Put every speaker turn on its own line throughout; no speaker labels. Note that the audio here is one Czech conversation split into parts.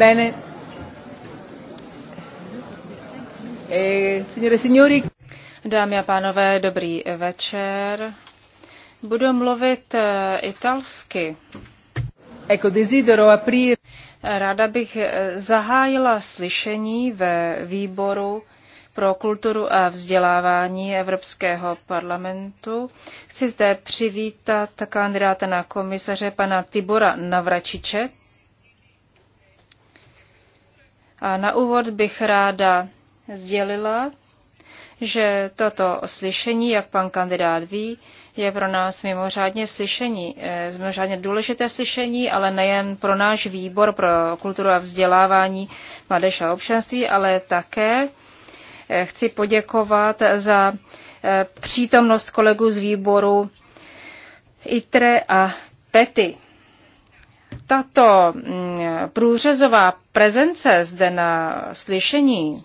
Bene. Eh, e, signori. Dámy a pánové, dobrý večer. Budu mluvit eh, italsky. Ecco, desidero aprire. Ráda bych eh, zahájila slyšení ve výboru pro kulturu a vzdělávání Evropského parlamentu. Chci zde přivítat kandidáta na komisaře pana Tibora Navračiče, a na úvod bych ráda sdělila, že toto slyšení, jak pan kandidát ví, je pro nás mimořádně slyšení, eh, mimořádně důležité slyšení, ale nejen pro náš výbor pro kulturu a vzdělávání mladež a občanství, ale také eh, chci poděkovat za eh, přítomnost kolegů z výboru ITRE a PETY tato mm, průřezová prezence zde na slyšení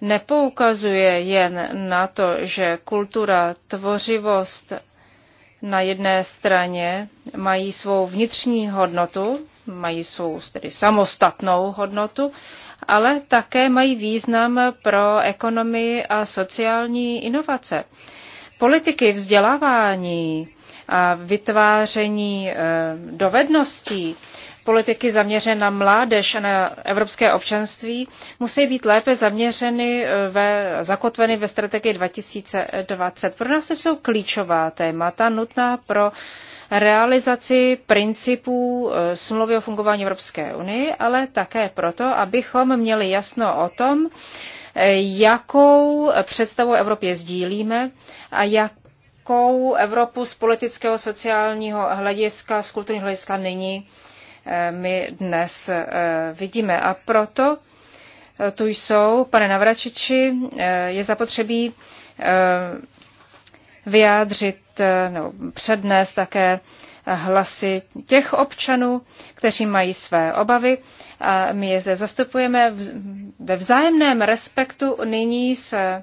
nepoukazuje jen na to, že kultura, tvořivost na jedné straně mají svou vnitřní hodnotu, mají svou tedy samostatnou hodnotu, ale také mají význam pro ekonomii a sociální inovace. Politiky vzdělávání a vytváření eh, dovedností politiky zaměřené na mládež a na evropské občanství musí být lépe zaměřeny, eh, ve, zakotveny ve strategii 2020. Pro nás to jsou klíčová témata nutná pro realizaci principů eh, smlouvy o fungování Evropské unie, ale také proto, abychom měli jasno o tom, jakou představu Evropě sdílíme a jak jakou Evropu z politického, sociálního hlediska, z kulturního hlediska nyní eh, my dnes eh, vidíme. A proto eh, tu jsou, pane Navračiči, je zapotřebí vyjádřit nebo přednést také hlasy těch občanů, kteří mají své obavy. A my je zde zastupujeme ve vzájemném respektu. Nyní se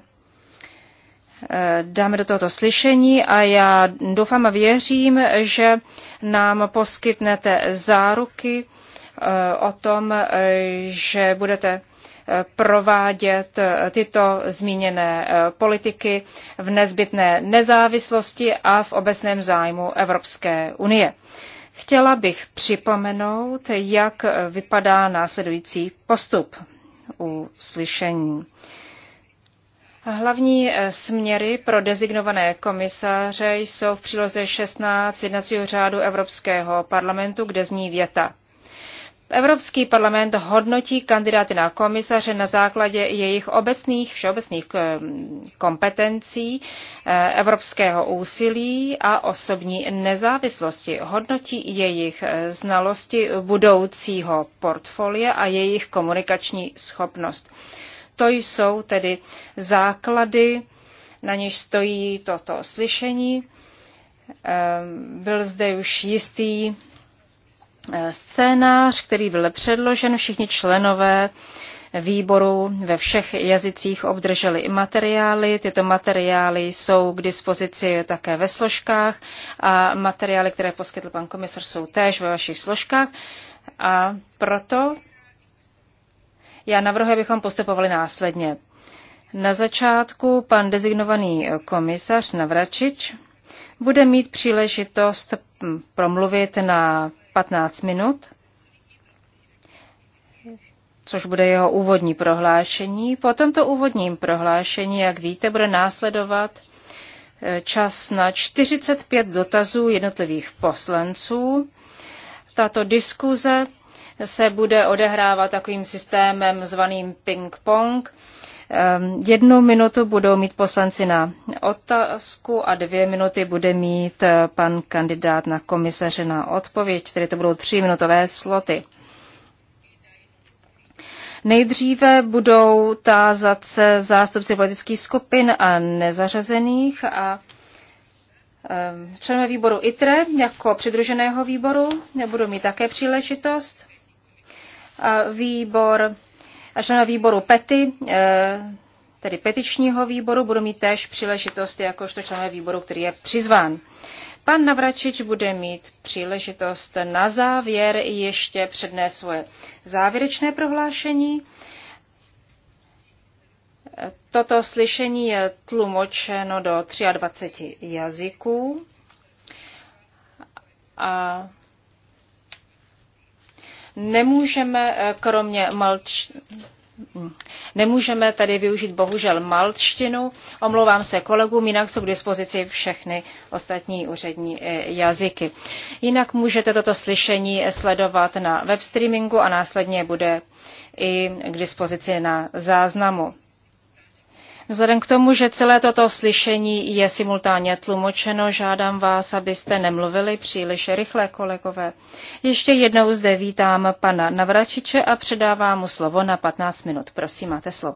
Eh, dáme do tohoto slyšení a já doufám a věřím, že nám poskytnete záruky eh, o tom, eh, že budete provádět tyto zmíněné politiky v nezbytné nezávislosti a v obecném zájmu Evropské unie. Chtěla bych připomenout, jak vypadá následující postup u slyšení. Hlavní eh, směry pro designované komisaře jsou v příloze 16 jednacího řádu Evropského parlamentu, kde zní věta. Evropský parlament hodnotí kandidáty na komisaře na základě jejich obecných, všeobecných eh, kompetencí, eh, evropského úsilí a osobní nezávislosti. Hodnotí jejich znalosti budoucího portfolia a jejich komunikační schopnost. To jsou tedy základy, na něž stojí toto slyšení. Ehm, byl zde už jistý eh, scénář, který byl předložen. Všichni členové výboru ve všech jazycích obdrželi i materiály. Tyto materiály jsou k dispozici také ve složkách a materiály, které poskytl pan komisar, jsou též ve vašich složkách. A proto já navrhuji, abychom postupovali následně. Na začátku pan dezignovaný komisař Navračič bude mít příležitost promluvit na 15 minut, což bude jeho úvodní prohlášení. Po tomto úvodním prohlášení, jak víte, bude následovat eh, čas na 45 dotazů jednotlivých poslanců. Tato diskuze se bude odehrávat takovým systémem zvaným ping-pong. Ehm, jednu minutu budou mít poslanci na otázku a dvě minuty bude mít eh, pan kandidát na komisaře na odpověď, tedy to budou tři minutové sloty. Nejdříve budou tázat se zástupci politických skupin a nezařazených a ehm, členové výboru ITRE jako přidruženého výboru budou mít také příležitost výbor a členové výboru PETY, eh, tedy petičního výboru, budou mít též příležitost jakožto členové výboru, který je přizván. Pan Navračič bude mít příležitost na závěr ještě přednést svoje závěrečné prohlášení. Toto slyšení je tlumočeno do 23 jazyků a Nemůžeme eh, kromě malč... Nemůžeme tady využít bohužel malčtinu. Omlouvám se kolegům, jinak jsou k dispozici všechny ostatní úřední eh, jazyky. Jinak můžete toto slyšení eh, sledovat na webstreamingu a následně bude i k dispozici na záznamu. Vzhledem k tomu, že celé toto slyšení je simultánně tlumočeno, žádám vás, abyste nemluvili příliš rychle, kolegové. Ještě jednou zde vítám pana Navračiče a předávám mu slovo na 15 minut. Prosím, máte slovo.